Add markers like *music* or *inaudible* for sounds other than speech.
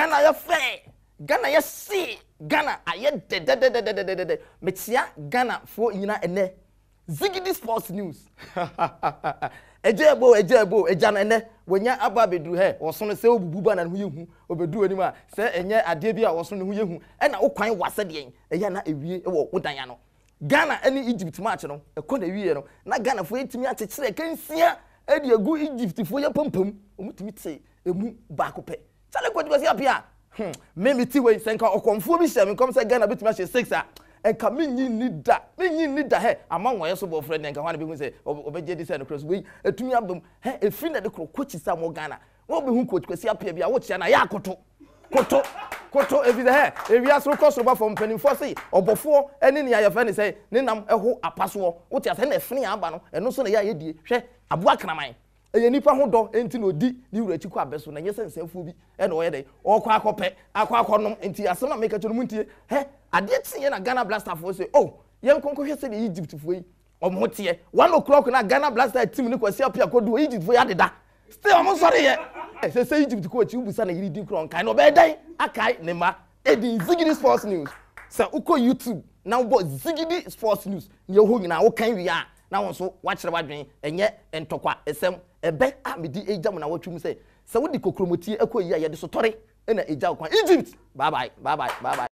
ghana yɛ fɛ ghana yɛ si, ghana ayɛ dɛdɛdɛdɛdɛdɛdɛ metia ghana fo nyina ɛnɛ zigidi sports news ɛgya *laughs* ɛbo ɛgya ɛbo ɛgya no ɛnɛ wɔnya aba abɛduru hɛ wɔso no sɛ wobubu ba na ne ho yɛ hu obɛduru anim a sɛ ɛnyɛ adeɛ bi a wɔso ne ho yɛ hu ɛna wo kwan wɔ asɛdeɛ ɛyɛ na ɛwie wɔ wo dan ano ghana ɛne egypt match no ɛkɔ na ɛwieɛ no na ghanafoɔ yɛtumi akyekyerɛ kɛnsia ɛde agu egyptfoɔ yɛ pampam ɔmutumi te ɛmu baako pɛ sani kò tibasi apia mímí tí wei sẹ nka ọkọ̀nfọ́ bi hyẹ mi nkọ́m sẹ ghana bi tuma hyẹ six a nka mi nyi ni da mi nyi ni da hɛ ama wɔn yɛ so bɔ fɛrɛ deɛ nka wɔn bi hu sɛ ɔbɛgye di sɛ ne kura so wei etumi abam hɛ efiri na de kuro kochi sa mo ghana wɔn bi hu kochi kwasi apia bi a wɔkyia na yɛ akoto koto koto ebi sɛ hɛ ewia soro kɔ soro ba fɔ mpanimfoɔ si ɔbɔfoɔ ɛne nea yɛfɛ ne sɛ ne nam ɛho apa soɔ wotia sɛ ɛna ɛfini no ɛno nso na yɛ ayɛ die hwɛ ɛyɛ nipa ho dɔ nti na odi ne wura akyi kɔ na nyɛ sɛ nsɛmfoɔ bi ɛna ɔyɛ dɛ ɔkɔ akɔpɛ akɔ akɔnom nti asɛm a meka kyerɛ mu ntie hɛ adeɛ teɛ na ghana blasterfoɔ sɛ o oh, yɛn nkɔnkɔ hwɛ sɛdeɛ egyptfoɔ yi ɔmo ho teɛ one o'clock na ghana blaster team ne kwasi apia kɔdu egyptfoɔ yi adeda still ɔmo sɔre yɛ ɛsɛ sɛ egypt kɔ akyi wubusa na yiri di kura nkae na ɔbɛyɛ dan akae ne ma edi zigidi sports news sɛ wokɔ youtube na wobɔ zigidi sports news nea ɛwɔ hɔ nyinaa wokan wie a na wɔn nso wakyerɛ wadwene ɛnyɛ ntɔkwa ɛsɛm ɛbɛn a ah, mede agya mu na wɔtwe mu sɛ sɛ wode kokromoti ɛkɔ yi a yɛde so tɔre ɛna agya wo kwan egypt bye bye bye bye bye bye